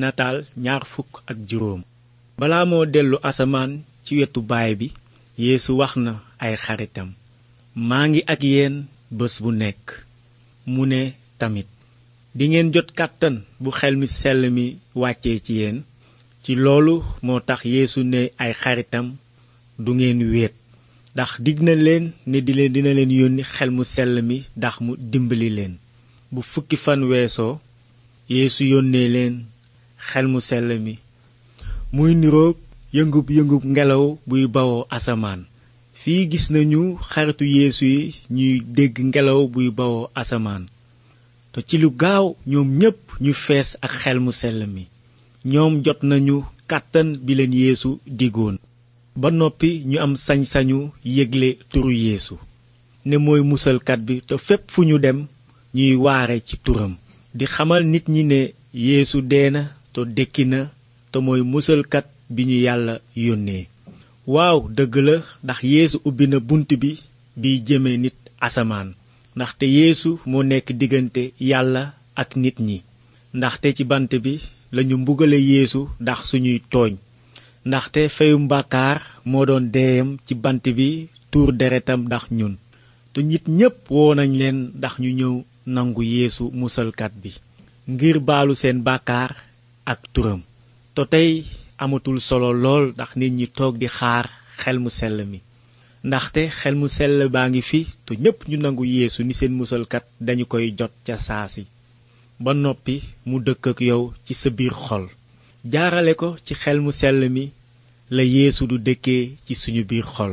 nataal ñaar fukk ak juróom balaa moo dellu asamaan ci wetu baay bi yeesu wax na ay xaritam maa ngi ak yéen bés bu nekk mu ne tamit dingeen jot kàttan bu xel mi sell mi wàccee ci yéen ci loolu moo tax yeesu ne ay xaritam du ngeen wéet ndax dig na leen ne di leen dina leen yónni xel mu sell mi ndax mu dimbali leen bu fukki fanweesoo weesoo yeesu yónnee leen xel mu sell mi muy niroog yëngub yëngub ngelaw buy bawoo asamaan fii gis nañu xaritu yéesu yi ñuy dégg ngelaw buy bawoo asamaan te ci lu gaaw ñoom ñépp ñu fees ak xel mu sell mi ñoom jot nañu kàttan bi leen yéesu diggoon ba noppi ñu am sañ-sañu yégle turu yéesu ne mooy musalkat bi te fépp fu ñu dem ñuy waare ci turam di xamal nit ñi ne yéesu dee na te dékki na te mooy musalkat bi ñu yàlla yónnee waaw dëgg la ndax yéesu ubbi na bunt bi biy jëme nit asamaan ndaxte yéesu moo nekk diggante yàlla ak nit ñi ndaxte ci bant bi lañu mbugale yéesu ndax suñuy tooñ ndaxte feyum bàkkaar moo doon deeyam ci bant bi tuur deretam ndax ñun te nit ñépp woo nañ leen ndax ñu ñëw nangu yéesu musalkat bi ngir baalu seen bàkkaar ak turam te tey amatul solo lool ndax nit ñi toog di xaar xel mu sell mi ndaxte xel mu sell baa ngi fi te ñépp ñu nangu yéesu mi seen musalkat dañu koy jot ca saa si ba noppi mu dëkk ak yow ci sa biir xol jaarale ko ci xel mu sell mi la yéesu du dëkkee ci suñu biir xol